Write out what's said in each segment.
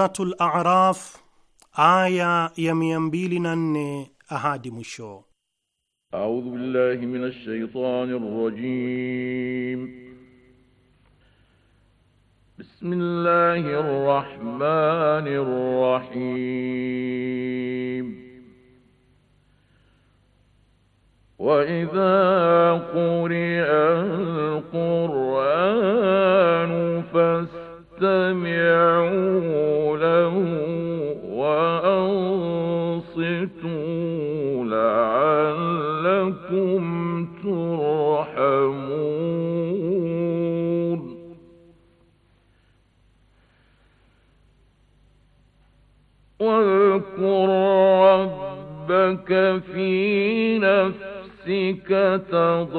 Suratul A'raf aya ya 204 ahadi mwisho. A'udhu billahi minash shaitanir rajim. Bismillahir rahmanir rahim. وإذا قرئ القرآن فاستمعوا تضل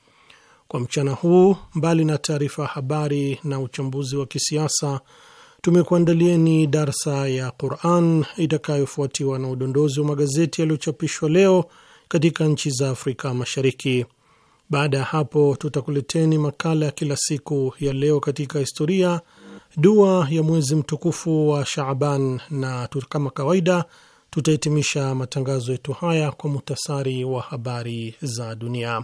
Kwa mchana huu, mbali na taarifa ya habari na uchambuzi wa kisiasa, tumekuandalieni darsa ya Quran itakayofuatiwa na udondozi wa magazeti yaliyochapishwa leo katika nchi za Afrika Mashariki. Baada ya hapo, tutakuleteni makala ya kila siku ya leo katika historia, dua ya mwezi mtukufu wa Shaaban na kama kawaida tutahitimisha matangazo yetu haya kwa muhtasari wa habari za dunia.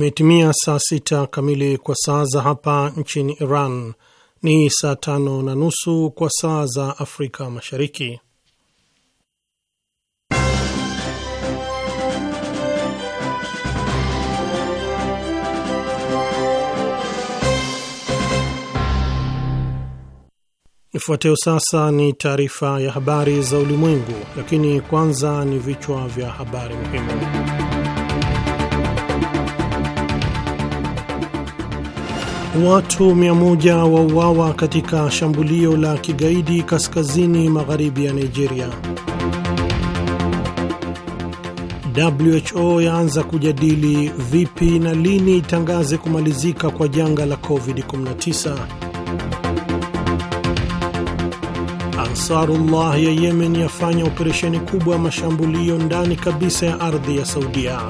Imetimia saa sita kamili kwa saa za hapa nchini Iran, ni saa tano na nusu kwa saa za Afrika Mashariki. Ifuatayo sasa ni taarifa ya habari za ulimwengu, lakini kwanza ni vichwa vya habari muhimu. Watu wa wauawa katika shambulio la kigaidi kaskazini magharibi ya Nigeria. WHO yaanza kujadili vipi na lini itangaze kumalizika kwa janga la COVID-19. Ansarullah ya Yemen yafanya operesheni kubwa ya mashambulio ndani kabisa ya ardhi ya Saudia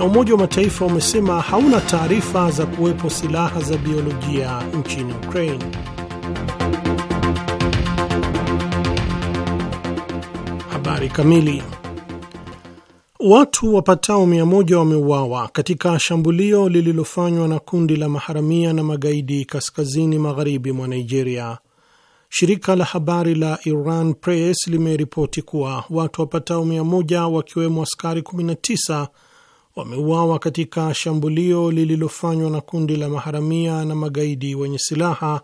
na Umoja wa Mataifa umesema hauna taarifa za kuwepo silaha za biolojia nchini Ukraine. Habari kamili. Watu wapatao mia moja wameuawa katika shambulio lililofanywa na kundi la maharamia na magaidi kaskazini magharibi mwa Nigeria. Shirika la habari la Iran Press limeripoti kuwa watu wapatao mia moja wakiwemo askari 19 wameuawa katika shambulio lililofanywa na kundi la maharamia na magaidi wenye silaha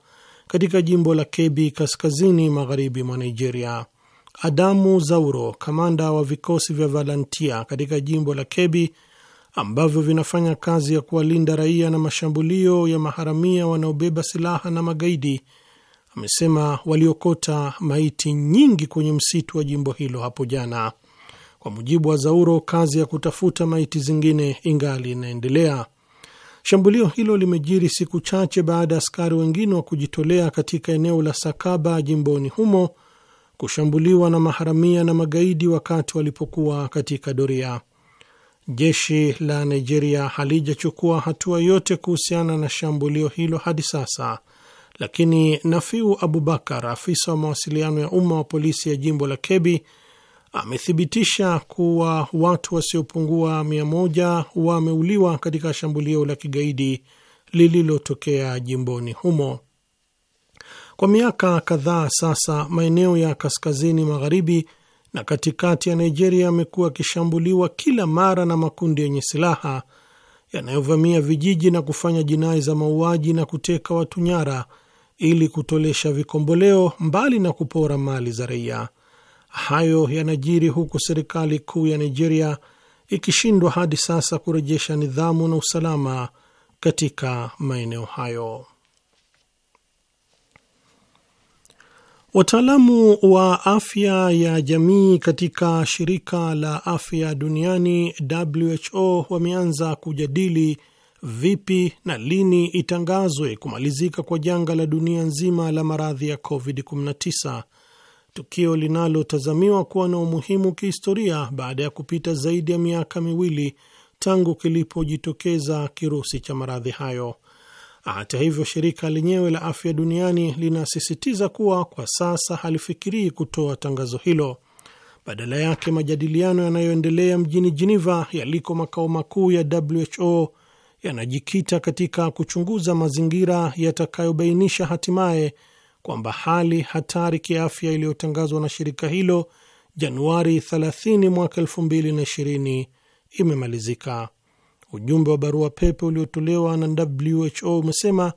katika jimbo la kebi kaskazini magharibi mwa Nigeria. Adamu Zauro, kamanda wa vikosi vya Valantia katika jimbo la kebi ambavyo vinafanya kazi ya kuwalinda raia na mashambulio ya maharamia wanaobeba silaha na magaidi, amesema waliokota maiti nyingi kwenye msitu wa jimbo hilo hapo jana. Kwa mujibu wa Zauro, kazi ya kutafuta maiti zingine ingali inaendelea. Shambulio hilo limejiri siku chache baada ya askari wengine wa kujitolea katika eneo la Sakaba jimboni humo kushambuliwa na maharamia na magaidi wakati walipokuwa katika doria. Jeshi la Nigeria halijachukua hatua yote kuhusiana na shambulio hilo hadi sasa, lakini Nafiu Abubakar, afisa wa mawasiliano ya umma wa polisi ya jimbo la Kebbi, amethibitisha kuwa watu wasiopungua mia moja wameuliwa katika shambulio la kigaidi lililotokea jimboni humo. Kwa miaka kadhaa sasa, maeneo ya kaskazini magharibi na katikati ya Nigeria yamekuwa yakishambuliwa kila mara na makundi yenye silaha yanayovamia vijiji na kufanya jinai za mauaji na kuteka watu nyara ili kutolesha vikomboleo, mbali na kupora mali za raia. Hayo yanajiri huku serikali kuu ya Nigeria ikishindwa hadi sasa kurejesha nidhamu na usalama katika maeneo hayo. Wataalamu wa afya ya jamii katika shirika la afya duniani WHO wameanza kujadili vipi na lini itangazwe kumalizika kwa janga la dunia nzima la maradhi ya COVID-19 tukio linalotazamiwa kuwa na umuhimu kihistoria baada ya kupita zaidi ya miaka miwili tangu kilipojitokeza kirusi cha maradhi hayo. Hata hivyo, shirika lenyewe la afya duniani linasisitiza kuwa kwa sasa halifikirii kutoa tangazo hilo. Badala yake, majadiliano yanayoendelea mjini jiniva yaliko makao makuu ya WHO, yanajikita katika kuchunguza mazingira yatakayobainisha hatimaye kwamba hali hatari kiafya iliyotangazwa na shirika hilo Januari 30 mwaka 2020 imemalizika. Ujumbe wa barua pepe uliotolewa na WHO umesema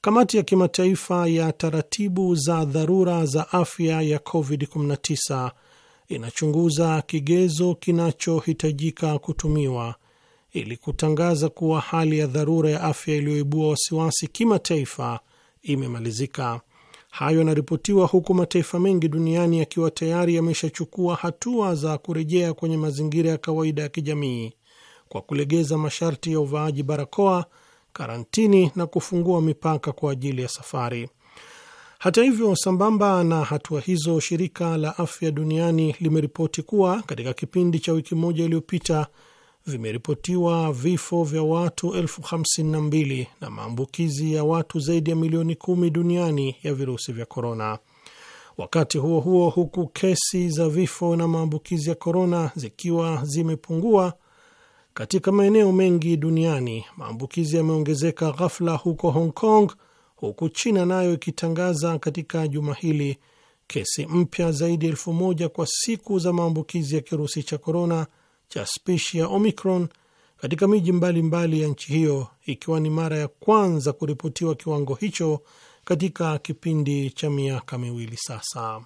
kamati ya kimataifa ya taratibu za dharura za afya ya COVID-19 inachunguza kigezo kinachohitajika kutumiwa ili kutangaza kuwa hali ya dharura ya afya iliyoibua wasiwasi kimataifa imemalizika. Hayo yanaripotiwa huku mataifa mengi duniani yakiwa tayari yameshachukua hatua za kurejea kwenye mazingira ya kawaida ya kijamii kwa kulegeza masharti ya uvaaji barakoa, karantini na kufungua mipaka kwa ajili ya safari. Hata hivyo, sambamba na hatua hizo, shirika la afya duniani limeripoti kuwa katika kipindi cha wiki moja iliyopita vimeripotiwa vifo vya watu elfu hamsini na mbili na maambukizi ya watu zaidi ya milioni kumi duniani ya virusi vya korona. Wakati huo huo, huku kesi za vifo na maambukizi ya korona zikiwa zimepungua katika maeneo mengi duniani, maambukizi yameongezeka ghafla huko Hong Kong, huku China nayo ikitangaza katika juma hili kesi mpya zaidi ya elfu moja kwa siku za maambukizi ya kirusi cha korona cha spishi ya Omicron katika miji mbalimbali ya nchi hiyo, ikiwa ni mara ya kwanza kuripotiwa kiwango hicho katika kipindi cha miaka miwili sasa.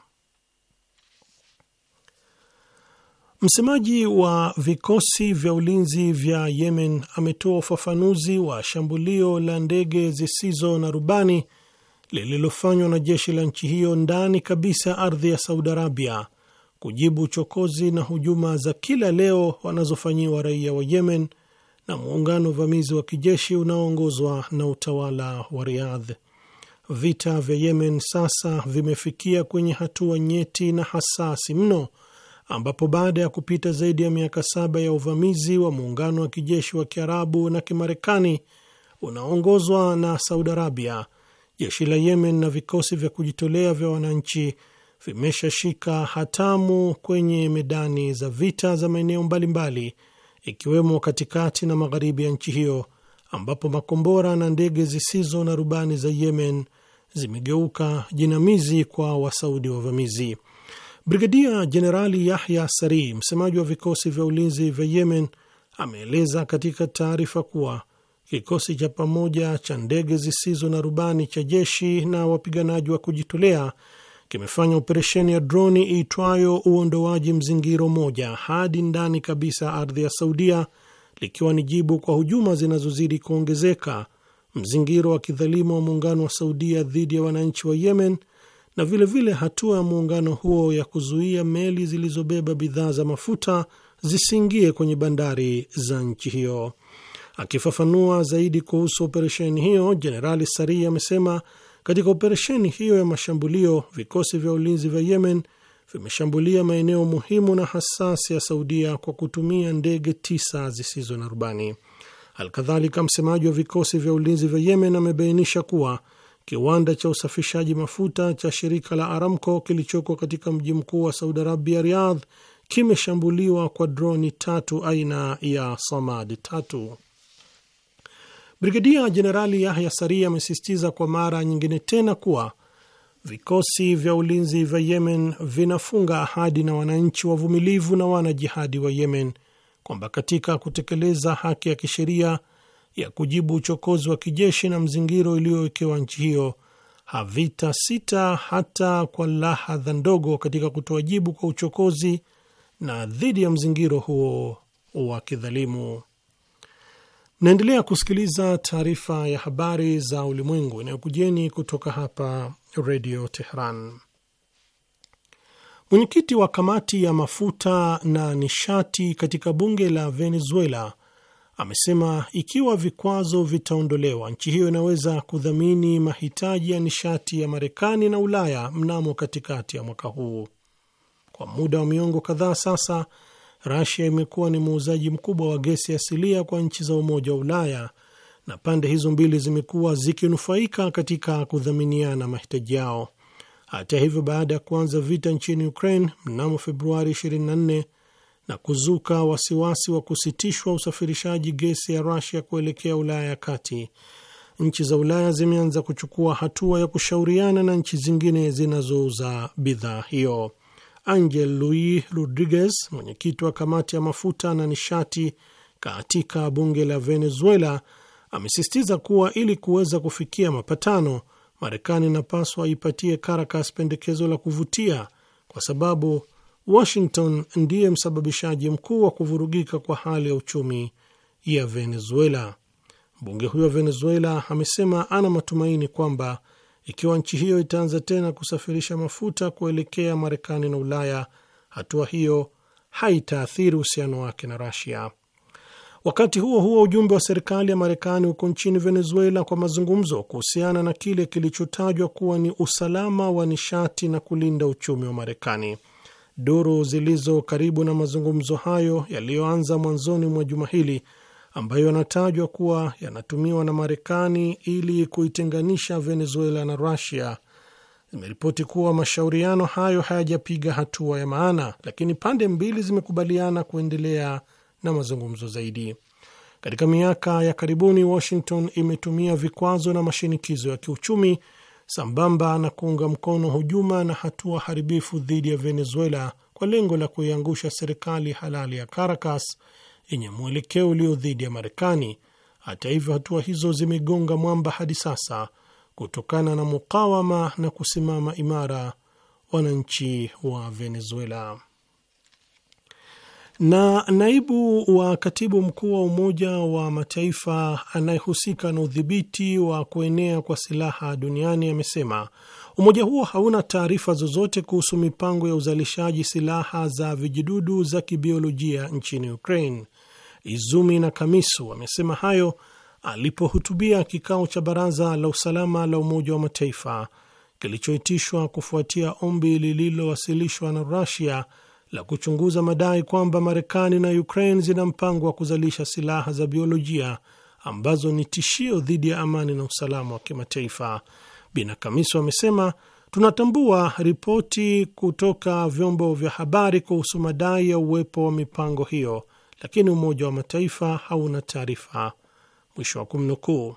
Msemaji wa vikosi vya ulinzi vya Yemen ametoa ufafanuzi wa shambulio la ndege zisizo na rubani lililofanywa na jeshi la nchi hiyo ndani kabisa ardhi ya Saudi Arabia kujibu chokozi na hujuma za kila leo wanazofanyiwa raia wa Yemen na muungano uvamizi wa kijeshi unaoongozwa na utawala wa Riyadh. Vita vya Yemen sasa vimefikia kwenye hatua nyeti na hasasi mno, ambapo baada ya kupita zaidi ya miaka saba ya uvamizi wa muungano wa kijeshi wa Kiarabu na Kimarekani unaoongozwa na Saudi Arabia, jeshi la Yemen na vikosi vya kujitolea vya wananchi vimeshashika hatamu kwenye medani za vita za maeneo mbalimbali ikiwemo katikati na magharibi ya nchi hiyo ambapo makombora na ndege zisizo na rubani za Yemen zimegeuka jinamizi kwa wasaudi wavamizi. Brigadia Jenerali Yahya Sari, msemaji wa vikosi vya ulinzi vya Yemen, ameeleza katika taarifa kuwa kikosi cha pamoja cha ndege zisizo na rubani cha jeshi na wapiganaji wa kujitolea kimefanya operesheni ya droni iitwayo uondoaji mzingiro moja hadi ndani kabisa ardhi ya Saudia, likiwa ni jibu kwa hujuma zinazozidi kuongezeka mzingiro wa kidhalimu wa muungano wa Saudia dhidi ya wananchi wa Yemen na vilevile vile hatua ya muungano huo ya kuzuia meli zilizobeba bidhaa za mafuta zisiingie kwenye bandari za nchi hiyo. Akifafanua zaidi kuhusu operesheni hiyo, Jenerali Sarii amesema katika operesheni hiyo ya mashambulio, vikosi vya ulinzi vya Yemen vimeshambulia maeneo muhimu na hasasi ya Saudia kwa kutumia ndege tisa zisizo na rubani. Alkadhalika, msemaji wa vikosi vya ulinzi vya Yemen amebainisha kuwa kiwanda cha usafishaji mafuta cha shirika la Aramco kilichoko katika mji mkuu wa Saudi Arabia, Riyadh, kimeshambuliwa kwa droni tatu aina ya Samad tatu. Brigedia Jenerali Yahya Sari amesisitiza kwa mara nyingine tena kuwa vikosi vya ulinzi vya Yemen vinafunga ahadi na wananchi wavumilivu na wanajihadi wa Yemen kwamba katika kutekeleza haki ya kisheria ya kujibu uchokozi wa kijeshi na mzingiro iliyowekewa nchi hiyo havita sita hata kwa lahadha ndogo katika kutoa jibu kwa uchokozi na dhidi ya mzingiro huo wa kidhalimu naendelea kusikiliza taarifa ya habari za ulimwengu inayokujeni kutoka hapa Redio Teheran. Mwenyekiti wa kamati ya mafuta na nishati katika bunge la Venezuela amesema ikiwa vikwazo vitaondolewa, nchi hiyo inaweza kudhamini mahitaji ya nishati ya Marekani na Ulaya mnamo katikati ya mwaka huu. Kwa muda wa miongo kadhaa sasa Rasia imekuwa ni muuzaji mkubwa wa gesi asilia kwa nchi za Umoja wa Ulaya na pande hizo mbili zimekuwa zikinufaika katika kudhaminiana mahitaji yao. Hata hivyo, baada ya kuanza vita nchini Ukraine mnamo Februari 24 na kuzuka wasiwasi wa kusitishwa usafirishaji gesi ya Rasia kuelekea Ulaya ya kati, nchi za Ulaya zimeanza kuchukua hatua ya kushauriana na nchi zingine zinazouza bidhaa hiyo. Angel louis Rodriguez, mwenyekiti wa kamati ya mafuta na nishati katika bunge la Venezuela, amesisitiza kuwa ili kuweza kufikia mapatano, Marekani inapaswa ipatie Caracas pendekezo la kuvutia, kwa sababu Washington ndiye msababishaji mkuu wa kuvurugika kwa hali ya uchumi ya Venezuela. Mbunge huyo wa Venezuela amesema ana matumaini kwamba ikiwa nchi hiyo itaanza tena kusafirisha mafuta kuelekea Marekani na Ulaya, hatua hiyo haitaathiri uhusiano wake na Rasia. Wakati huo huo, ujumbe wa serikali ya Marekani huko nchini Venezuela kwa mazungumzo kuhusiana na kile kilichotajwa kuwa ni usalama wa nishati na kulinda uchumi wa Marekani. Duru zilizo karibu na mazungumzo hayo yaliyoanza mwanzoni mwa juma hili ambayo yanatajwa kuwa yanatumiwa na Marekani ili kuitenganisha Venezuela na Rusia zimeripoti kuwa mashauriano hayo hayajapiga hatua ya maana, lakini pande mbili zimekubaliana kuendelea na mazungumzo zaidi. Katika miaka ya karibuni, Washington imetumia vikwazo na mashinikizo ya kiuchumi sambamba na kuunga mkono hujuma na hatua haribifu dhidi ya Venezuela kwa lengo la kuiangusha serikali halali ya Caracas yenye mwelekeo ulio dhidi ya Marekani. Hata hivyo, hatua hizo zimegonga mwamba hadi sasa kutokana na mukawama na kusimama imara wananchi wa Venezuela. Na naibu wa katibu mkuu wa Umoja wa Mataifa anayehusika na udhibiti wa kuenea kwa silaha duniani amesema umoja huo hauna taarifa zozote kuhusu mipango ya uzalishaji silaha za vijidudu za kibiolojia nchini Ukraine. Izumi na Kamisu amesema hayo alipohutubia kikao cha Baraza la Usalama la Umoja wa Mataifa kilichoitishwa kufuatia ombi lililowasilishwa na Rusia la kuchunguza madai kwamba Marekani na Ukraine zina mpango wa kuzalisha silaha za biolojia ambazo ni tishio dhidi ya amani na usalama wa kimataifa. Bina Kamiso amesema tunatambua ripoti kutoka vyombo vya habari kuhusu madai ya uwepo wa mipango hiyo lakini Umoja wa Mataifa hauna taarifa, mwisho wa kumnukuu.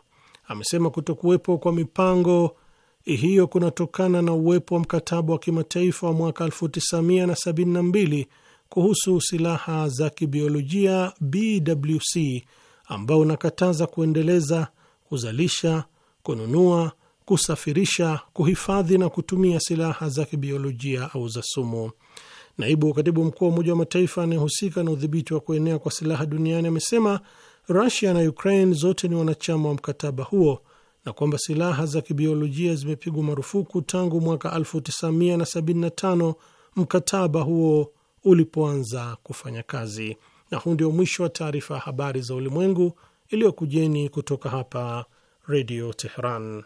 Amesema kutokuwepo kwa mipango hiyo kunatokana na uwepo wa mkataba wa kimataifa wa mwaka 1972 kuhusu silaha za kibiolojia BWC ambao unakataza kuendeleza, kuzalisha, kununua, kusafirisha, kuhifadhi na kutumia silaha za kibiolojia au za sumu. Naibu katibu mkuu wa Umoja wa Mataifa anayehusika na udhibiti wa kuenea kwa silaha duniani amesema Rusia na Ukraine zote ni wanachama wa mkataba huo na kwamba silaha za kibiolojia zimepigwa marufuku tangu mwaka 1975 mkataba huo ulipoanza kufanya kazi. Na huu ndio mwisho wa taarifa ya habari za ulimwengu iliyokujeni kutoka hapa Redio Teheran.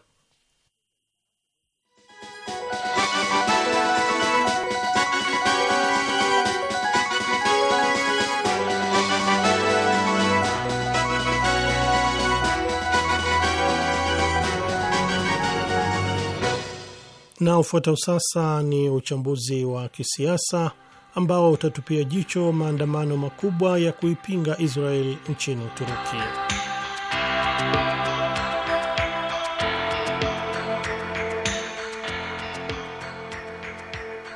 Na ufuatao sasa ni uchambuzi wa kisiasa ambao utatupia jicho maandamano makubwa ya kuipinga Israel nchini Uturuki.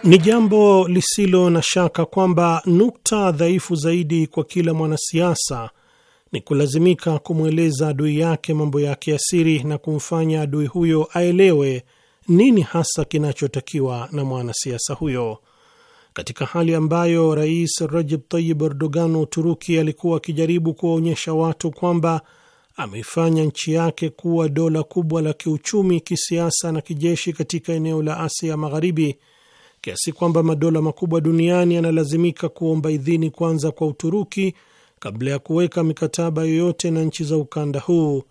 Ni jambo lisilo na shaka kwamba nukta dhaifu zaidi kwa kila mwanasiasa ni kulazimika kumweleza adui yake mambo yake ya siri na kumfanya adui huyo aelewe nini hasa kinachotakiwa na mwanasiasa huyo. Katika hali ambayo Rais Recep Tayyip Erdogan wa Uturuki alikuwa akijaribu kuwaonyesha watu kwamba ameifanya nchi yake kuwa dola kubwa la kiuchumi, kisiasa na kijeshi katika eneo la Asia Magharibi, kiasi kwamba madola makubwa duniani yanalazimika kuomba idhini kwanza kwa Uturuki kabla ya kuweka mikataba yoyote na nchi za ukanda huu.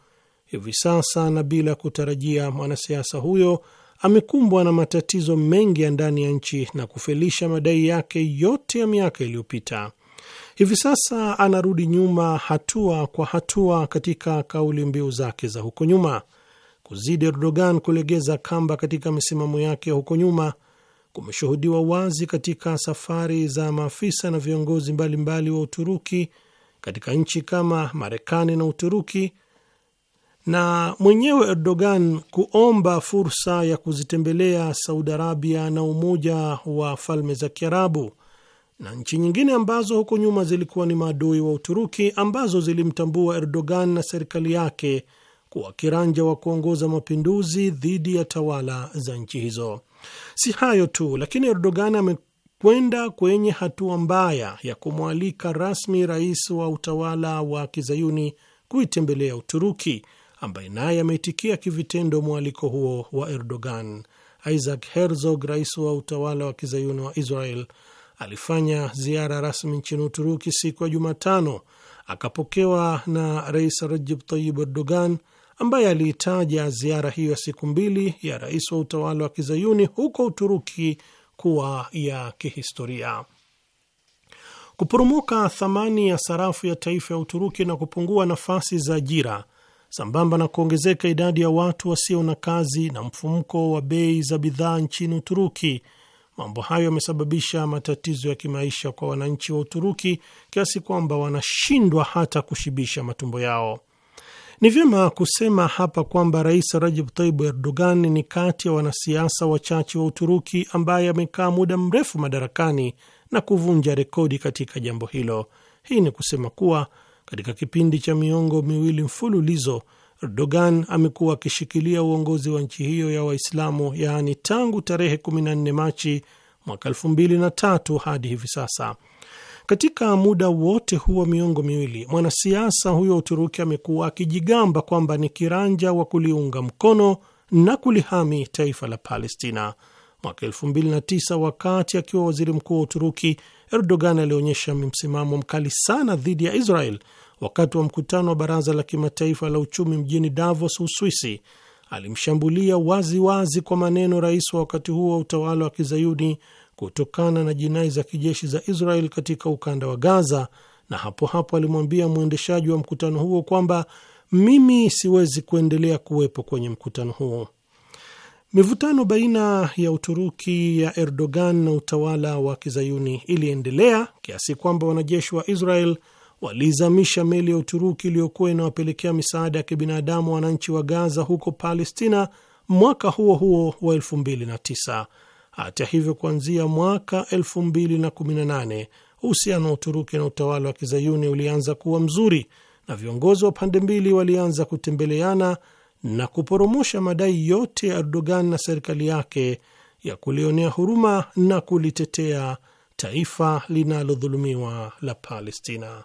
Hivi sasa na bila kutarajia, mwanasiasa huyo amekumbwa na matatizo mengi ya ndani ya nchi na kufelisha madai yake yote ya miaka iliyopita. Hivi sasa anarudi nyuma hatua kwa hatua katika kauli mbiu zake za huko nyuma. Kuzidi Erdogan kulegeza kamba katika misimamo yake ya huko nyuma kumeshuhudiwa wazi katika safari za maafisa na viongozi mbalimbali mbali wa Uturuki katika nchi kama Marekani na Uturuki na mwenyewe Erdogan kuomba fursa ya kuzitembelea Saudi Arabia na Umoja wa Falme za Kiarabu na nchi nyingine ambazo huko nyuma zilikuwa ni maadui wa Uturuki ambazo zilimtambua Erdogan na serikali yake kuwa kiranja wa kuongoza mapinduzi dhidi ya tawala za nchi hizo. Si hayo tu, lakini Erdogan amekwenda kwenye hatua mbaya ya kumwalika rasmi rais wa utawala wa kizayuni kuitembelea Uturuki ambaye naye ameitikia kivitendo mwaliko huo wa Erdogan. Isaac Herzog, rais wa utawala wa kizayuni wa Israel, alifanya ziara rasmi nchini Uturuki siku ya Jumatano, akapokewa na Rais Recep Tayyip Erdogan ambaye aliitaja ziara hiyo ya siku mbili ya rais wa utawala wa kizayuni huko Uturuki kuwa ya kihistoria. Kuporomoka thamani ya sarafu ya taifa ya Uturuki na kupungua nafasi za ajira sambamba na kuongezeka idadi ya watu wasio na kazi na mfumko wa bei za bidhaa nchini Uturuki. Mambo hayo yamesababisha matatizo ya kimaisha kwa wananchi wa Uturuki kiasi kwamba wanashindwa hata kushibisha matumbo yao. Ni vyema kusema hapa kwamba Rais Recep Tayyip Erdogan ni kati ya wanasiasa wachache wa Uturuki ambaye amekaa muda mrefu madarakani na kuvunja rekodi katika jambo hilo. Hii ni kusema kuwa katika kipindi cha miongo miwili mfululizo, Erdogan amekuwa akishikilia uongozi wa nchi hiyo ya Waislamu, yaani tangu tarehe 14 Machi mwaka 2003 hadi hivi sasa. Katika muda wote huo miongo miwili, mwanasiasa huyo wa Uturuki amekuwa akijigamba kwamba ni kiranja wa kuliunga mkono na kulihami taifa la Palestina. Mwaka 29 wakati akiwa waziri mkuu wa Uturuki, Erdogan alionyesha msimamo mkali sana dhidi ya Israel wakati wa mkutano wa Baraza la Kimataifa la Uchumi mjini Davos, Uswisi. Alimshambulia waziwazi wazi kwa maneno rais wa wakati huo wa utawala wa kizayuni kutokana na jinai za kijeshi za Israel katika ukanda wa Gaza, na hapo hapo alimwambia mwendeshaji wa mkutano huo kwamba mimi siwezi kuendelea kuwepo kwenye mkutano huo. Mivutano baina ya Uturuki ya Erdogan na utawala wa kizayuni iliendelea kiasi kwamba wanajeshi wa Israel walizamisha meli ya Uturuki iliyokuwa inawapelekea misaada ya kibinadamu wananchi wa Gaza huko Palestina mwaka huo huo wa 2009. Hata hivyo, kuanzia mwaka 2018 uhusiano wa Uturuki na utawala wa kizayuni ulianza kuwa mzuri na viongozi wa pande mbili walianza kutembeleana na kuporomosha madai yote ya Erdogan na serikali yake ya kulionea huruma na kulitetea taifa linalodhulumiwa la Palestina.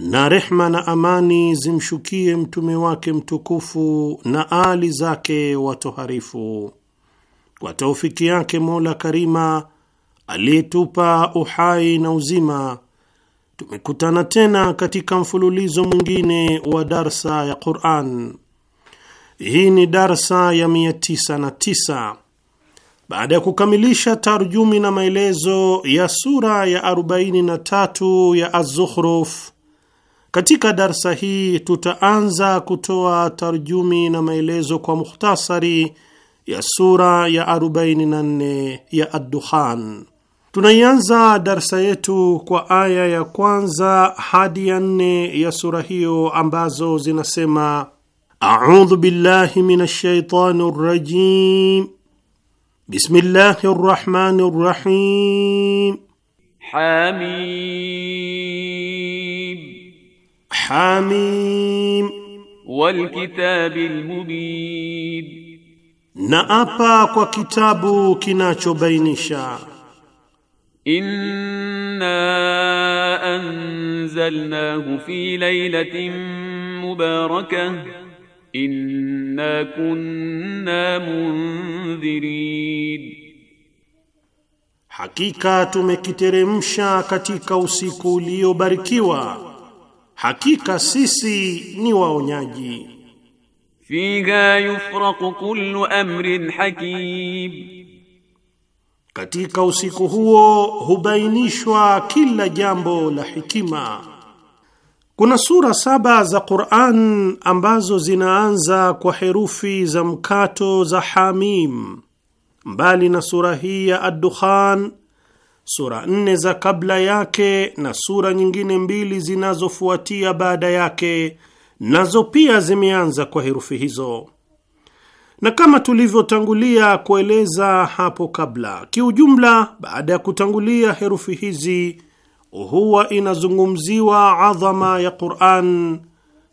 na rehma na amani zimshukie mtume wake mtukufu na ali zake watoharifu. Kwa taufiki yake Mola Karima aliyetupa uhai na uzima, tumekutana tena katika mfululizo mwingine wa darsa ya Quran. Hii ni darsa ya 99 baada ya kukamilisha tarjumi na maelezo ya sura ya 43 ya Az-Zukhruf. Katika darsa hii tutaanza kutoa tarjumi na maelezo kwa mukhtasari ya sura ya 44 ya Ad-Dukhan. Tunaianza darsa yetu kwa aya ya kwanza hadi ya nne ya sura hiyo ambazo zinasema: audhu billahi minash shaitani bismillahi rrahmani rahim, hamim Hamim. Wal kitabil mubin, na apa kwa kitabu kinachobainisha. Inna anzalnahu fi laylatin mubarakah inna kunna mundhirin, hakika tumekiteremsha katika usiku uliobarikiwa Hakika sisi ni waonyaji. Fiha yufraqu kullu amrin hakim, katika usiku huo hubainishwa kila jambo la hikima. Kuna sura saba za Qur'an ambazo zinaanza kwa herufi za mkato za Hamim. Mbali na sura hii ya Ad-Dukhan sura nne za kabla yake na sura nyingine mbili zinazofuatia baada yake nazo pia zimeanza kwa herufi hizo. Na kama tulivyotangulia kueleza hapo kabla, kiujumla, baada ya kutangulia herufi hizi huwa inazungumziwa adhama ya Qur'an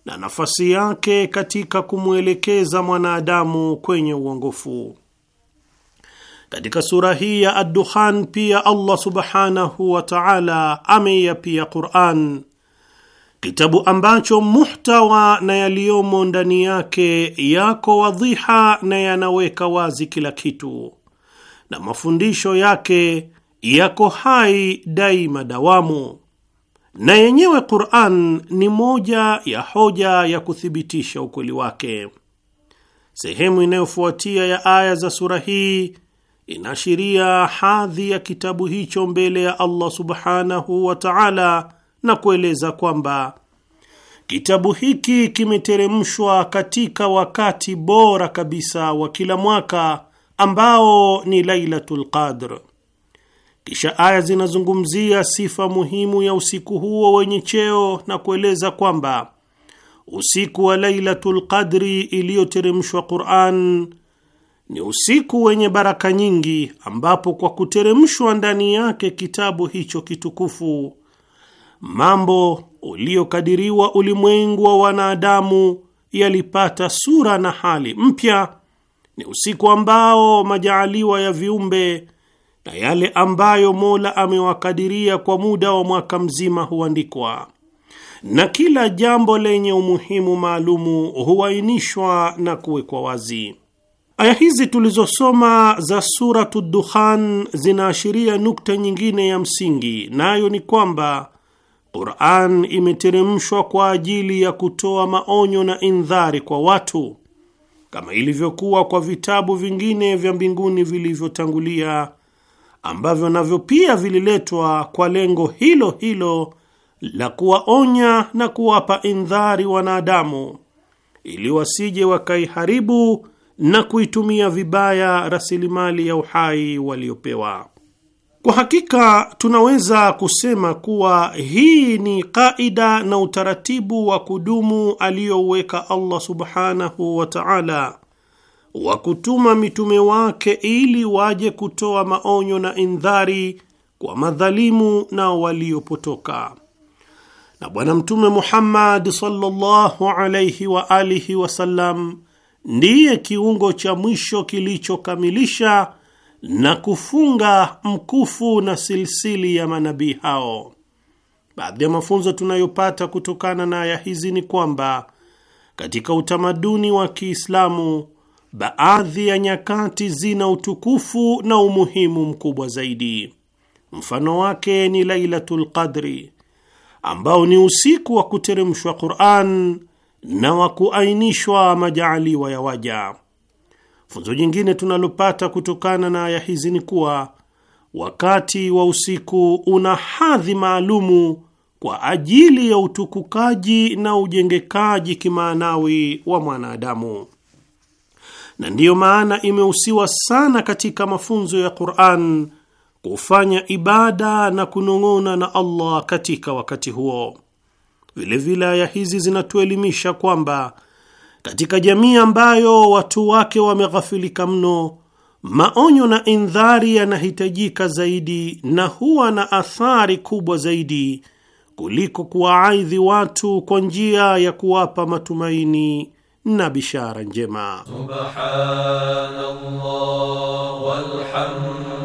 na nafasi yake katika kumwelekeza mwanadamu kwenye uongofu. Katika sura hii ya Ad-Dukhan pia Allah subhanahu wa ta'ala ameiapia Qur'an, kitabu ambacho muhtawa na yaliyomo ndani yake yako wadhiha na yanaweka wazi kila kitu, na mafundisho yake yako hai daima dawamu, na yenyewe Qur'an ni moja ya hoja ya kuthibitisha ukweli wake. Sehemu inayofuatia ya aya za sura hii inaashiria hadhi ya kitabu hicho mbele ya Allah subhanahu wa ta'ala, na kueleza kwamba kitabu hiki kimeteremshwa katika wakati bora kabisa wa kila mwaka ambao ni Lailatul Qadr. Kisha aya zinazungumzia sifa muhimu ya usiku huo wenye cheo na kueleza kwamba usiku wa Lailatul Qadri iliyoteremshwa Qur'an ni usiku wenye baraka nyingi, ambapo kwa kuteremshwa ndani yake kitabu hicho kitukufu, mambo uliokadiriwa ulimwengu wa wanadamu yalipata sura na hali mpya. Ni usiku ambao majaaliwa ya viumbe na yale ambayo Mola amewakadiria kwa muda wa mwaka mzima huandikwa na kila jambo lenye umuhimu maalumu huainishwa na kuwekwa wazi. Aya hizi tulizosoma za Suratu Dukhan zinaashiria nukta nyingine ya msingi, nayo ni kwamba Quran imeteremshwa kwa ajili ya kutoa maonyo na indhari kwa watu kama ilivyokuwa kwa vitabu vingine vya mbinguni vilivyotangulia ambavyo navyo pia vililetwa kwa lengo hilo hilo la kuwaonya na kuwapa indhari wanadamu ili wasije wakaiharibu na kuitumia vibaya rasilimali ya uhai waliopewa. Kwa hakika tunaweza kusema kuwa hii ni kaida na utaratibu wa kudumu aliyouweka Allah subhanahu wa ta'ala wa kutuma mitume wake ili waje kutoa maonyo na indhari kwa madhalimu na waliopotoka. Na Bwana Mtume Muhammad sallallahu alayhi wa alihi wasallam ndiye kiungo cha mwisho kilichokamilisha na kufunga mkufu na silsili ya manabii hao. Baadhi ya mafunzo tunayopata kutokana na aya hizi ni kwamba katika utamaduni wa Kiislamu baadhi ya nyakati zina utukufu na umuhimu mkubwa zaidi. Mfano wake ni Lailatul Qadri ambao ni usiku wa kuteremshwa Qur'an na wa kuainishwa majaaliwa ya waja. Funzo jingine tunalopata kutokana na aya hizi ni kuwa wakati wa usiku una hadhi maalumu kwa ajili ya utukukaji na ujengekaji kimaanawi wa mwanadamu, na ndiyo maana imehusiwa sana katika mafunzo ya Qur'an kufanya ibada na kunong'ona na Allah katika wakati huo. Vilevile aya hizi zinatuelimisha kwamba katika jamii ambayo watu wake wameghafilika mno, maonyo na indhari yanahitajika zaidi na huwa na athari kubwa zaidi kuliko kuwaaidhi watu kwa njia ya kuwapa matumaini na bishara njema. Subhanallah walhamdulillah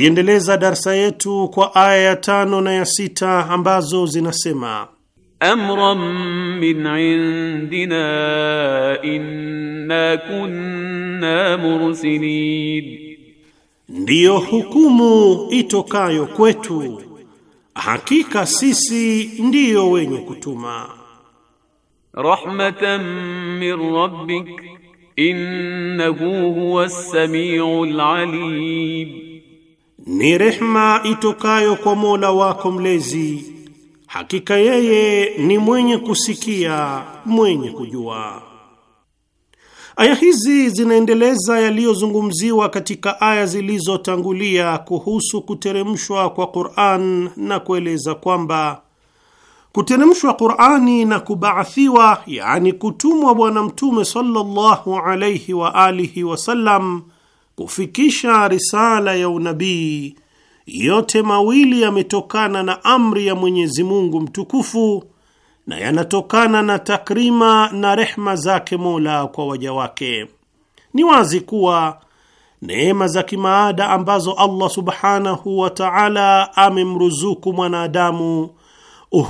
Tunaiendeleza darsa yetu kwa aya ya tano na ya sita ambazo zinasema amran min indina inna kunna mursilin, ndiyo hukumu itokayo kwetu, hakika sisi ndiyo wenye kutuma. Rahmatan min rabbik innahu huwas samiul alim ni rehma itokayo kwa Mola wako mlezi, hakika yeye ni mwenye kusikia, mwenye kujua. Aya hizi zinaendeleza yaliyozungumziwa katika aya zilizotangulia kuhusu kuteremshwa kwa Qur'an na kueleza kwamba kuteremshwa Qur'ani na kubaathiwa, yani kutumwa Bwana Mtume sallallahu alayhi wa alihi wasallam kufikisha risala ya unabii, yote mawili yametokana na amri ya Mwenyezi Mungu mtukufu na yanatokana na takrima na rehma zake Mola kwa waja wake. Ni wazi kuwa neema za kimaada ambazo Allah subhanahu wa ta'ala amemruzuku mwanadamu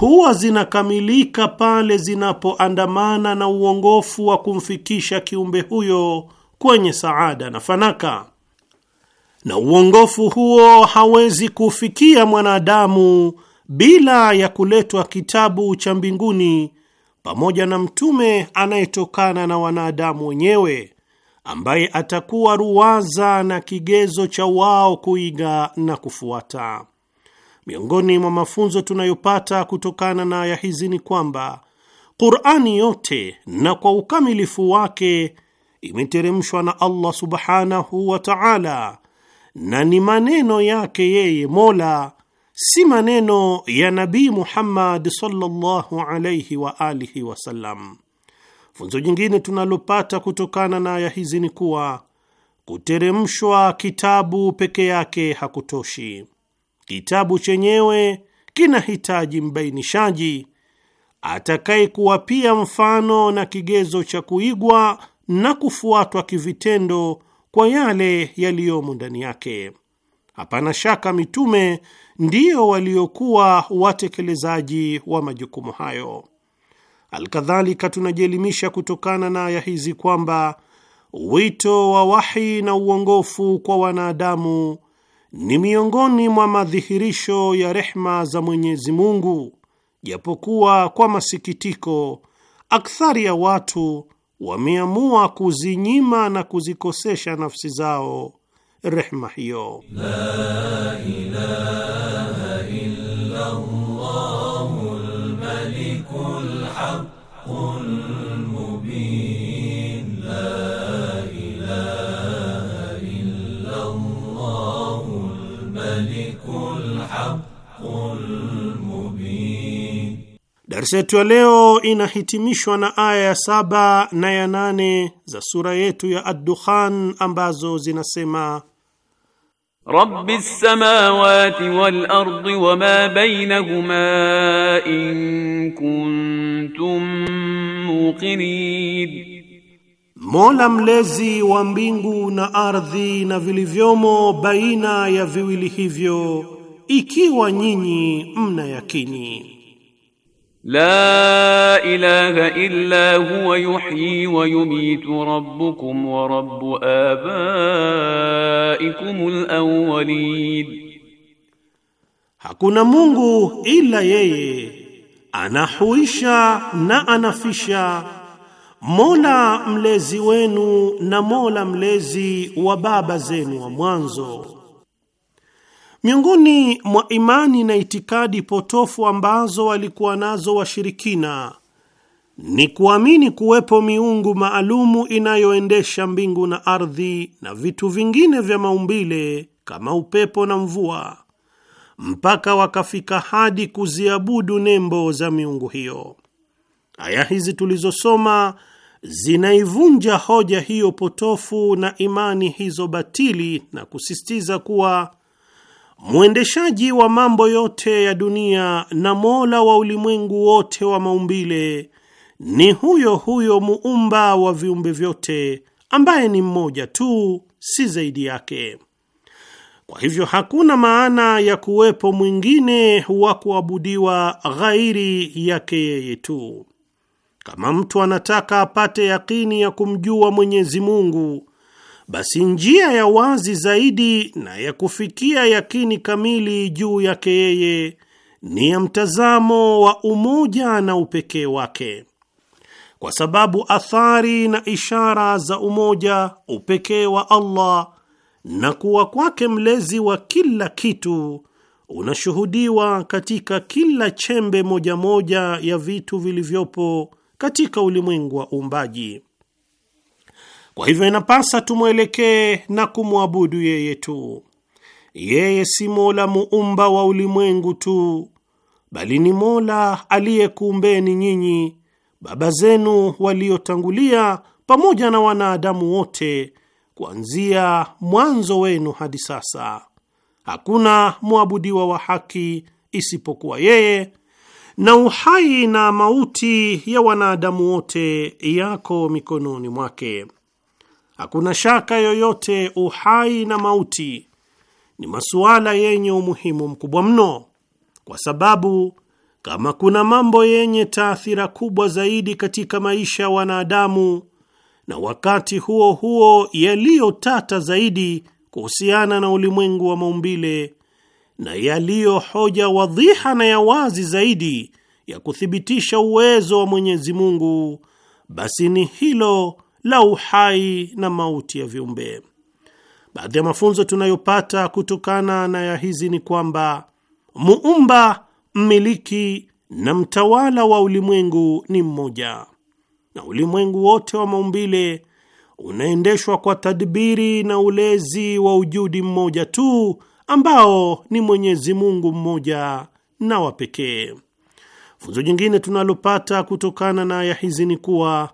huwa zinakamilika pale zinapoandamana na uongofu wa kumfikisha kiumbe huyo kwenye saada na fanaka, na uongofu huo hawezi kufikia mwanadamu bila ya kuletwa kitabu cha mbinguni pamoja na mtume anayetokana na wanadamu wenyewe ambaye atakuwa ruwaza na kigezo cha wao kuiga na kufuata. Miongoni mwa mafunzo tunayopata kutokana na aya hizi ni kwamba Qur'ani yote na kwa ukamilifu wake imeteremshwa na Allah subhanahu wa ta'ala, na ni maneno yake yeye Mola, si maneno ya nabi Muhammad sallallahu alayhi wa alihi wasallam. Funzo jingine tunalopata kutokana na aya hizi ni kuwa kuteremshwa kitabu peke yake hakutoshi. Kitabu chenyewe kinahitaji mbainishaji atakayekuwa pia mfano na kigezo cha kuigwa na kufuatwa kivitendo kwa yale yaliyomo ndani yake. Hapana shaka mitume ndiyo waliokuwa watekelezaji wa majukumu hayo. Alkadhalika, tunajielimisha kutokana na aya hizi kwamba wito wa wahi na uongofu kwa wanadamu ni miongoni mwa madhihirisho ya rehma za Mwenyezi Mungu, japokuwa kwa masikitiko, akthari ya watu wameamua kuzinyima na kuzikosesha nafsi zao rehma hiyo la ilaha Darsa yetu ya leo inahitimishwa na aya ya saba na ya nane za sura yetu ya Ad-Dukhan ambazo zinasema Rabbis samawati wal ardi wama bainahuma in kuntum muqinin, Mola mlezi wa mbingu na ardhi na vilivyomo baina ya viwili hivyo, ikiwa nyinyi mna yakini la ilaha illa huwa yuhyi wa yumitu rabbukum wa rabbu abaikumul awwalin, hakuna Mungu ila yeye anahuisha na anafisha, Mola mlezi wenu na Mola mlezi wa baba zenu wa mwanzo. Miongoni mwa imani na itikadi potofu ambazo walikuwa nazo washirikina ni kuamini kuwepo miungu maalumu inayoendesha mbingu na ardhi na vitu vingine vya maumbile kama upepo na mvua, mpaka wakafika hadi kuziabudu nembo za miungu hiyo. Aya hizi tulizosoma zinaivunja hoja hiyo potofu na imani hizo batili na kusisitiza kuwa mwendeshaji wa mambo yote ya dunia na mola wa ulimwengu wote wa maumbile ni huyo huyo muumba wa viumbe vyote ambaye ni mmoja tu, si zaidi yake. Kwa hivyo hakuna maana ya kuwepo mwingine wa kuabudiwa ghairi yake yeye tu. Kama mtu anataka apate yakini ya kumjua Mwenyezi Mungu basi njia ya wazi zaidi na ya kufikia yakini kamili juu yake yeye ni ya mtazamo wa umoja na upekee wake, kwa sababu athari na ishara za umoja, upekee wa Allah na kuwa kwake mlezi wa kila kitu unashuhudiwa katika kila chembe moja moja ya vitu vilivyopo katika ulimwengu wa uumbaji. Kwa hivyo inapasa tumwelekee na kumwabudu yeye tu. Yeye si Mola muumba wa ulimwengu tu, bali ni Mola aliyekuumbeni nyinyi, baba zenu waliotangulia, pamoja na wanadamu wote kuanzia mwanzo wenu hadi sasa. Hakuna mwabudiwa wa haki isipokuwa yeye, na uhai na mauti ya wanadamu wote yako mikononi mwake. Hakuna shaka yoyote, uhai na mauti ni masuala yenye umuhimu mkubwa mno, kwa sababu kama kuna mambo yenye taathira kubwa zaidi katika maisha ya wanadamu na wakati huo huo yaliyotata zaidi kuhusiana na ulimwengu wa maumbile na yaliyo hoja wadhiha na ya wazi zaidi ya kuthibitisha uwezo wa Mwenyezi Mungu, basi ni hilo la uhai na mauti ya viumbe. Baadhi ya mafunzo tunayopata kutokana na ya hizi ni kwamba muumba, mmiliki na mtawala wa ulimwengu ni mmoja, na ulimwengu wote wa maumbile unaendeshwa kwa tadbiri na ulezi wa ujudi mmoja tu ambao ni Mwenyezi Mungu mmoja na wa pekee. Funzo jingine tunalopata kutokana na aya hizi ni kuwa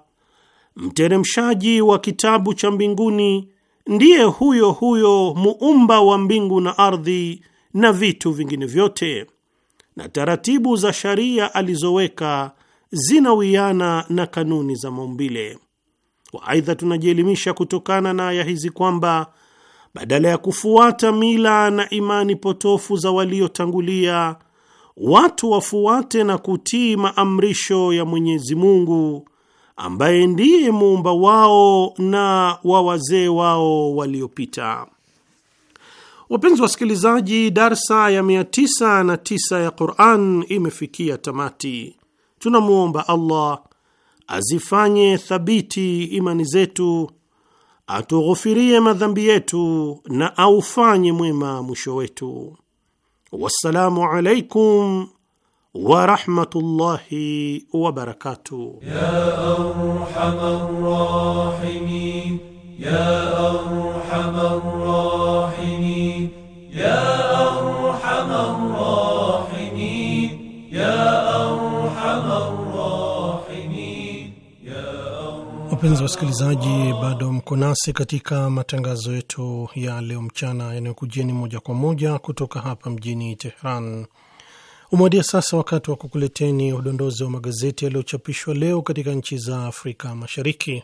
mteremshaji wa kitabu cha mbinguni ndiye huyo huyo muumba wa mbingu na ardhi na vitu vingine vyote, na taratibu za sharia alizoweka zinawiana na kanuni za maumbile. Waaidha, tunajielimisha kutokana na aya hizi kwamba badala ya kufuata mila na imani potofu za waliotangulia, watu wafuate na kutii maamrisho ya Mwenyezi Mungu ambaye ndiye muumba wao na wa wazee wao waliopita. Wapenzi wasikilizaji, darsa ya 99 ya Quran imefikia tamati. Tunamwomba Allah azifanye thabiti imani zetu, atughufirie madhambi yetu na aufanye mwema mwisho wetu. Wassalamu alaikum wa rahmatullahi wa barakatuh. Wapenzi wasikilizaji, bado mko nasi katika matangazo yetu ya leo mchana yanayokujieni moja kwa moja kutoka hapa mjini Tehran. Umewadia sasa wakati wa kukuleteni udondozi wa magazeti yaliyochapishwa leo katika nchi za Afrika Mashariki.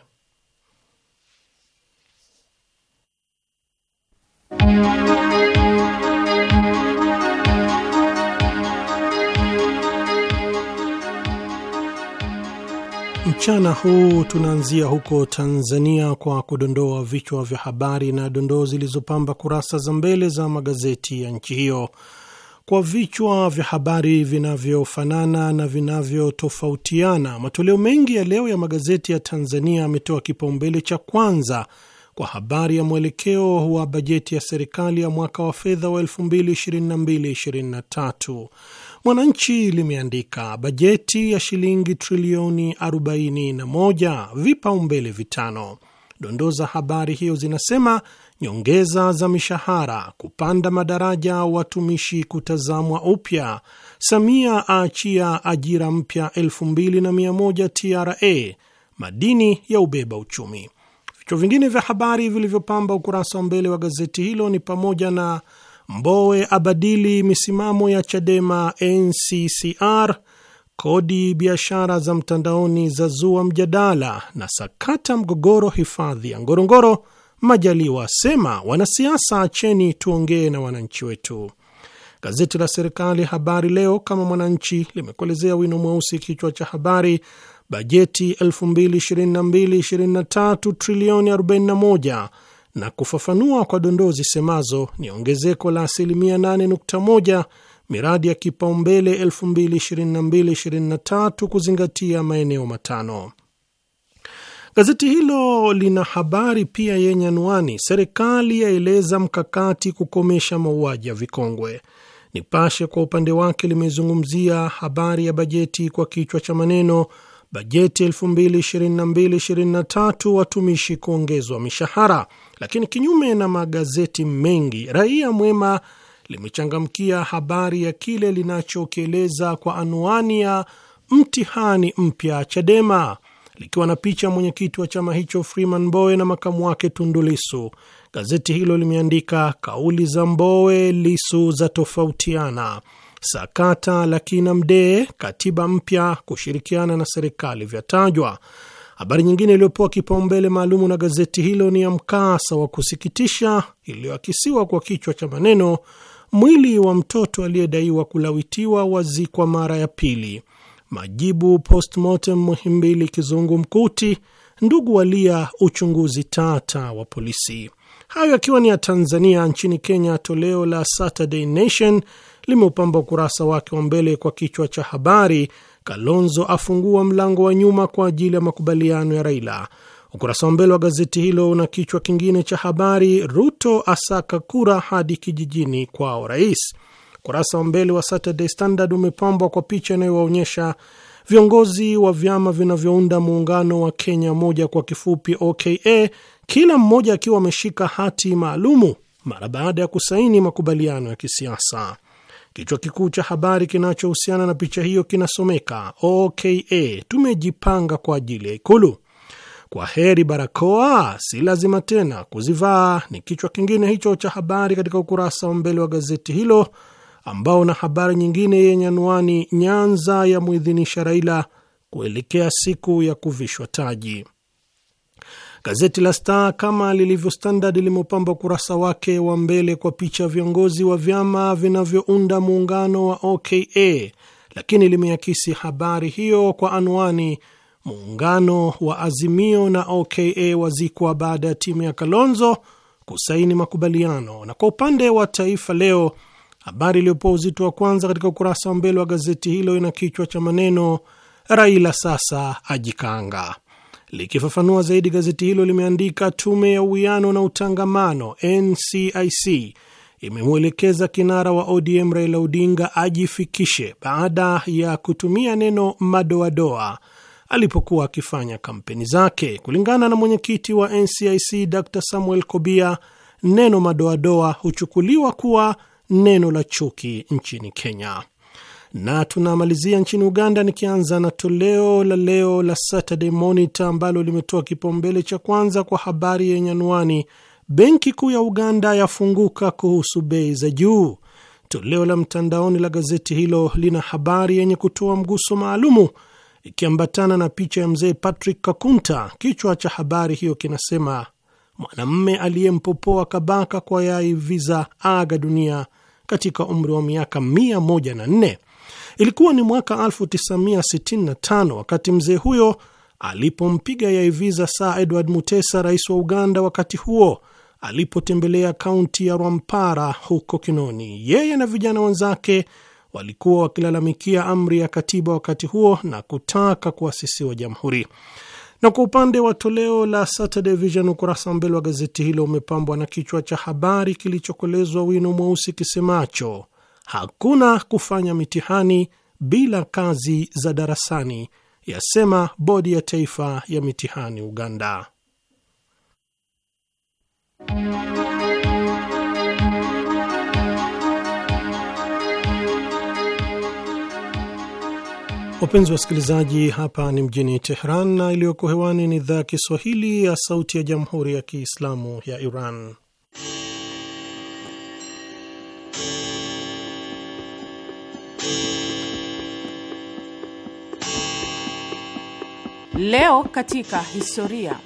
Mchana huu tunaanzia huko Tanzania kwa kudondoa vichwa vya habari na dondoo zilizopamba kurasa za mbele za magazeti ya nchi hiyo kwa vichwa vya habari vinavyofanana na vinavyotofautiana. Matoleo mengi ya leo ya magazeti ya Tanzania yametoa kipaumbele cha kwanza kwa habari ya mwelekeo wa bajeti ya serikali ya mwaka wa fedha wa 2022/2023. Mwananchi limeandika bajeti ya shilingi trilioni 41, vipaumbele vitano. Dondoo za habari hiyo zinasema nyongeza za mishahara, kupanda madaraja watumishi kutazamwa upya, Samia aachia ajira mpya 2100 TRA, madini ya ubeba uchumi. Vichwa vingine vya habari vilivyopamba ukurasa wa mbele wa gazeti hilo ni pamoja na Mbowe abadili misimamo ya Chadema NCCR, kodi biashara za mtandaoni za zua mjadala, na sakata mgogoro hifadhi ya Ngorongoro Majaliwa asema wanasiasa, acheni tuongee na wananchi wetu. Gazeti la serikali Habari Leo kama Mwananchi limekuelezea wino mweusi, kichwa cha habari bajeti 2022 trilioni 41 na kufafanua kwa dondoo zisemazo ni ongezeko la asilimia 8.1, miradi ya kipaumbele 2022 kuzingatia maeneo matano. Gazeti hilo lina habari pia yenye anwani, serikali yaeleza mkakati kukomesha mauaji ya vikongwe. Nipashe kwa upande wake limezungumzia habari ya bajeti kwa kichwa cha maneno, bajeti 2022 watumishi kuongezwa mishahara. Lakini kinyume na magazeti mengi, Raia Mwema limechangamkia habari ya kile linachokieleza kwa anwani ya mtihani mpya Chadema likiwa na picha ya mwenyekiti wa chama hicho Freeman Mbowe na makamu wake Tundu Lisu. Gazeti hilo limeandika kauli za Mbowe lisu za tofautiana, sakata la kina Mdee, katiba mpya, kushirikiana na serikali vyatajwa. Habari nyingine iliyopewa kipaumbele maalumu na gazeti hilo ni ya mkasa wa kusikitisha iliyoakisiwa kwa kichwa cha maneno mwili wa mtoto aliyedaiwa kulawitiwa wazikwa mara ya pili majibu postmortem Muhimbili kizungumkuti, ndugu walia uchunguzi tata wa polisi. Hayo akiwa ni ya Tanzania. Nchini Kenya, toleo la Saturday Nation limeupamba ukurasa wake wa mbele kwa kichwa cha habari, Kalonzo afungua mlango wa nyuma kwa ajili ya makubaliano ya Raila. Ukurasa wa mbele wa gazeti hilo una kichwa kingine cha habari, Ruto asaka kura hadi kijijini kwao rais. Ukurasa wa mbele wa Saturday Standard umepambwa kwa picha inayowaonyesha viongozi wa vyama vinavyounda muungano wa Kenya moja kwa kifupi OKA, kila mmoja akiwa ameshika hati maalumu mara baada ya kusaini makubaliano ya kisiasa. Kichwa kikuu cha habari kinachohusiana na picha hiyo kinasomeka OKA, tumejipanga kwa ajili ya Ikulu. Kwa heri barakoa si lazima tena kuzivaa, ni kichwa kingine hicho cha habari katika ukurasa wa mbele wa gazeti hilo ambao na habari nyingine yenye anwani Nyanza ya mwidhinisha Raila kuelekea siku ya kuvishwa taji. Gazeti la Star kama lilivyo Standard limepamba ukurasa wake wa mbele kwa picha viongozi wa vyama vinavyounda muungano wa OKA, lakini limeakisi habari hiyo kwa anwani muungano wa Azimio na OKA wazikwa baada ya timu ya Kalonzo kusaini makubaliano. Na kwa upande wa Taifa Leo Habari iliyopoa uzito wa kwanza katika ukurasa wa mbele wa gazeti hilo ina kichwa cha maneno Raila sasa ajikanga. Likifafanua zaidi, gazeti hilo limeandika tume ya uwiano na utangamano NCIC imemwelekeza kinara wa ODM Raila Odinga ajifikishe baada ya kutumia neno madoadoa alipokuwa akifanya kampeni zake. Kulingana na mwenyekiti wa NCIC Dr Samuel Kobia, neno madoadoa huchukuliwa kuwa neno la chuki nchini Kenya. Na tunamalizia nchini Uganda, nikianza na toleo la leo la Saturday Monitor ambalo limetoa kipaumbele cha kwanza kwa habari yenye anwani Benki Kuu ya Uganda yafunguka kuhusu bei za juu. Toleo la mtandaoni la gazeti hilo lina habari yenye kutoa mguso maalumu ikiambatana na picha ya mzee Patrick Kakunta. Kichwa cha habari hiyo kinasema mwanamme aliyempopoa kabaka kwa yai Viza aga dunia katika umri wa miaka 104. Ilikuwa ni mwaka 1965 wakati mzee huyo alipompiga yaiviza saa Edward Mutesa, rais wa Uganda wakati huo, alipotembelea kaunti ya Rwampara huko Kinoni. Yeye na vijana wenzake walikuwa wakilalamikia amri ya katiba wakati huo na kutaka kuasisiwa jamhuri. Na kwa upande wa toleo la Saturday Vision, ukurasa wa mbele wa gazeti hilo umepambwa na kichwa cha habari kilichokolezwa wino mweusi kisemacho hakuna kufanya mitihani bila kazi za darasani, yasema bodi ya taifa ya mitihani Uganda. Wapenzi wasikilizaji, hapa ni mjini Tehran na iliyoko hewani ni idhaa ya Kiswahili ya Sauti ya Jamhuri ya Kiislamu ya Iran. Leo katika historia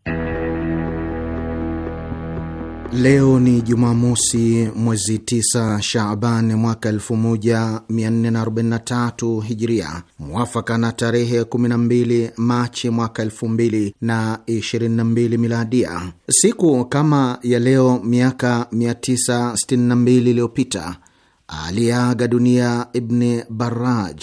Leo ni Jumamosi, mwezi 9 Shaban mwaka 1443 Hijria, mwafaka na tarehe 12 Machi mwaka 2022 Miladia. Siku kama ya leo miaka 962 iliyopita aliaga dunia Ibni Barraj,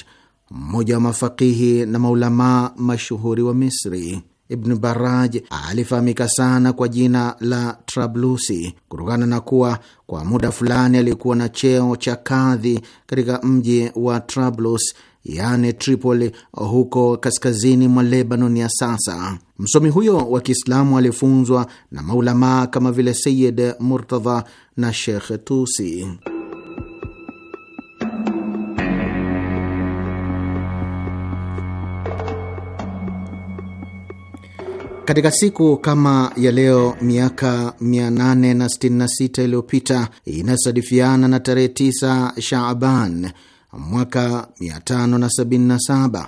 mmoja wa mafakihi na maulamaa mashuhuri wa Misri. Ibn Baraj alifahamika sana kwa jina la Trablusi kutokana na kuwa kwa muda fulani alikuwa na cheo cha kadhi katika mji wa Trablus yani Tripoli huko kaskazini mwa Lebanon ya sasa. Msomi huyo wa Kiislamu alifunzwa na maulamaa kama vile Sayid Murtadha na Shekh Tusi. Katika siku kama ya leo miaka 866 iliyopita inasadifiana na tarehe 9 Shaaban mwaka 577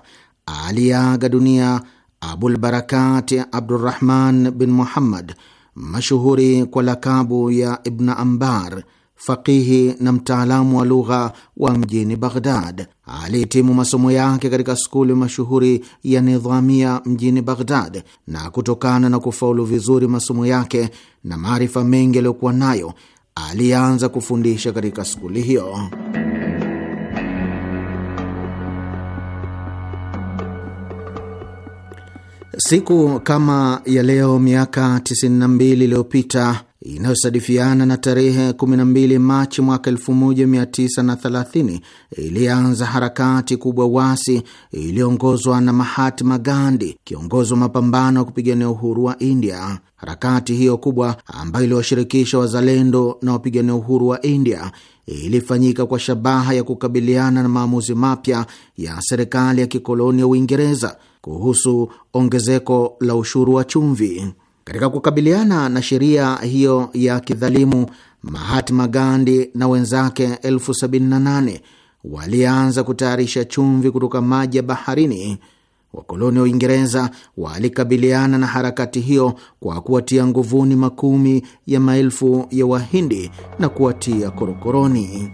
aliaga dunia Abul Barakati Abdurrahman bin Muhammad mashuhuri kwa lakabu ya Ibn Ambar fakihi na mtaalamu wa lugha wa mjini Baghdad. Alihitimu masomo yake katika skuli mashuhuri ya Nidhamia mjini Baghdad, na kutokana na kufaulu vizuri masomo yake na maarifa mengi aliyokuwa nayo, alianza kufundisha katika skuli hiyo. Siku kama ya leo miaka 92 iliyopita inayosadifiana na tarehe 12 Machi mwaka 1930 ilianza harakati kubwa wasi iliyoongozwa na Mahatma Gandhi, kiongozi wa mapambano ya kupigania uhuru wa India. Harakati hiyo kubwa ambayo iliwashirikisha wazalendo na wapigania uhuru wa India ilifanyika kwa shabaha ya kukabiliana na maamuzi mapya ya serikali ya kikoloni ya Uingereza kuhusu ongezeko la ushuru wa chumvi. Katika kukabiliana na sheria hiyo ya kidhalimu, Mahatma Gandhi na wenzake elfu sabini na nane walianza kutayarisha chumvi kutoka maji ya baharini. Wakoloni wa Uingereza walikabiliana na harakati hiyo kwa kuwatia nguvuni makumi ya maelfu ya Wahindi na kuwatia korokoroni.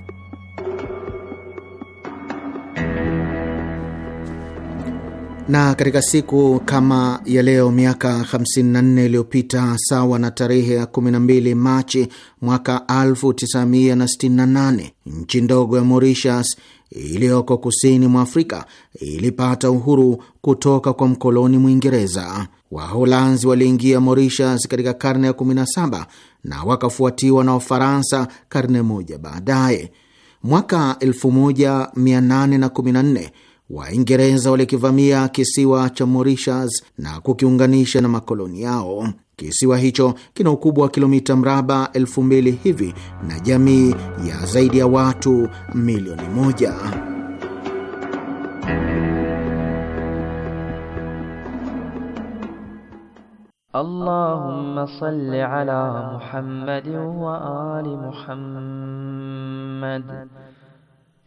na katika siku kama ya leo miaka 54 iliyopita sawa na tarehe ya 12 Machi mwaka 1968 nchi ndogo ya Mauritius iliyoko kusini mwa Afrika ilipata uhuru kutoka kwa mkoloni Mwingereza. Waholanzi waliingia Mauritius katika karne ya 17 na wakafuatiwa na Wafaransa karne moja baadaye. Mwaka 1814 Waingereza walikivamia kisiwa cha Mauritius na kukiunganisha na makoloni yao. Kisiwa hicho kina ukubwa wa kilomita mraba elfu mbili hivi na jamii ya zaidi ya watu milioni moja. Allahumma salli ala Muhammadin wa ali Muhammad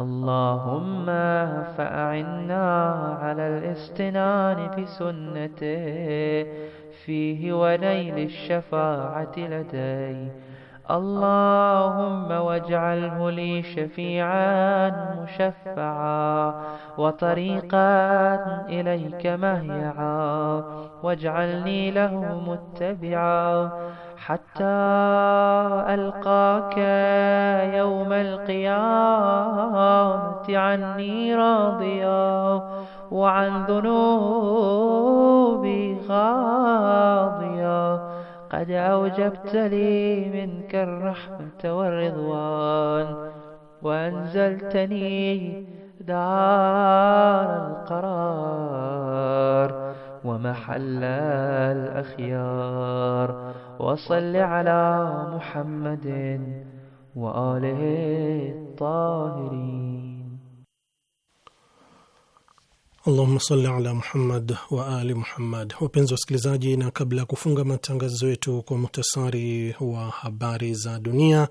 اللهم فأعنا على الاستنان بسنته فيه ونيل الشفاعة لديه اللهم واجعله لي شفيعا مشفعا وطريقا إليك مهيعا واجعلني له متبعا حتى ألقاك يوم القيامة عني راضيا وعن ذنوبي غاضيا قد أوجبت لي منك الرحمة والرضوان وأنزلتني دار القرار ومحل الأخيار وصل على محمد وآله الطاهرين Allahuma salli ala Muhammad wa ali Muhammad. Wapenzi wasikilizaji, na kabla ya kufunga matangazo yetu kwa muhtasari wa habari za dunia,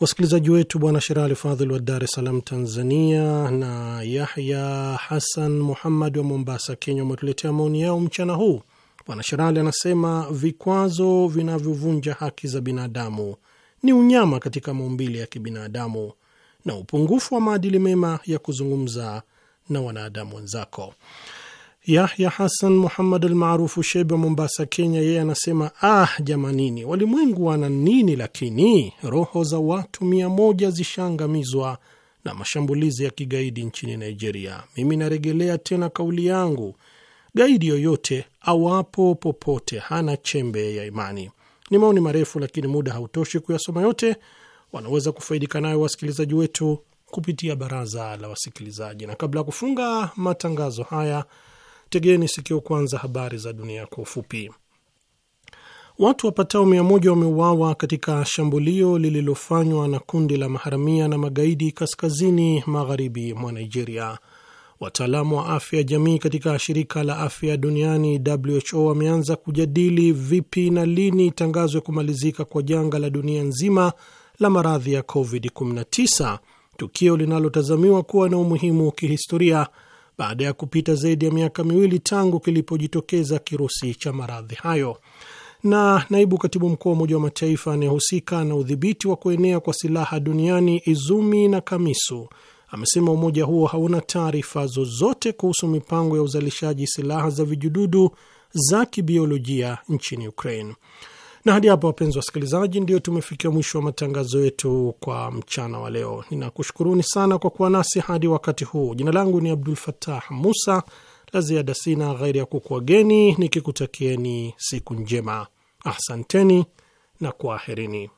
wasikilizaji wetu Bwana Sherali Fadhil wa Dar es Salaam, Tanzania, na Yahya Hasan Muhammad wa Mombasa, Kenya, wametuletea maoni yao mchana huu. Bwana Sherali anasema vikwazo vinavyovunja haki za binadamu ni unyama katika maumbile ya kibinadamu na upungufu wa maadili mema ya kuzungumza na wanadamu wenzako. Yahya Hasan Muhammad almaarufu Shebe wa Mombasa, Kenya, yeye anasema ah, jamanini, walimwengu wana nini? Lakini roho za watu mia moja zishaangamizwa na mashambulizi ya kigaidi nchini Nigeria. Mimi naregelea tena kauli yangu, gaidi yoyote awapo popote hana chembe ya imani. Ni maoni marefu, lakini muda hautoshi kuyasoma yote. Wanaweza kufaidika nayo wasikilizaji wetu kupitia baraza la wasikilizaji, na kabla ya kufunga matangazo haya, tegeni sikio kwanza habari za dunia kwa ufupi. Watu wapatao mia moja wameuawa katika shambulio lililofanywa na kundi la maharamia na magaidi kaskazini magharibi mwa Nigeria. Wataalamu wa afya ya jamii katika shirika la afya duniani WHO wameanza kujadili vipi na lini itangazwe kumalizika kwa janga la dunia nzima la maradhi ya COVID-19 tukio linalotazamiwa kuwa na umuhimu wa kihistoria baada ya kupita zaidi ya miaka miwili tangu kilipojitokeza kirusi cha maradhi hayo. Na naibu katibu mkuu wa Umoja wa Mataifa anayehusika na udhibiti wa kuenea kwa silaha duniani Izumi na kamisu amesema umoja huo hauna taarifa zozote kuhusu mipango ya uzalishaji silaha za vijidudu za kibiolojia nchini Ukraine. Na hadi hapa, wapenzi wasikilizaji, ndio tumefikia mwisho wa matangazo yetu kwa mchana wa leo. Ninakushukuruni sana kwa kuwa nasi hadi wakati huu. Jina langu ni Abdul fatah Musa. La ziada sina ghairi ya kukuageni nikikutakieni siku njema. asanteni na kwaherini.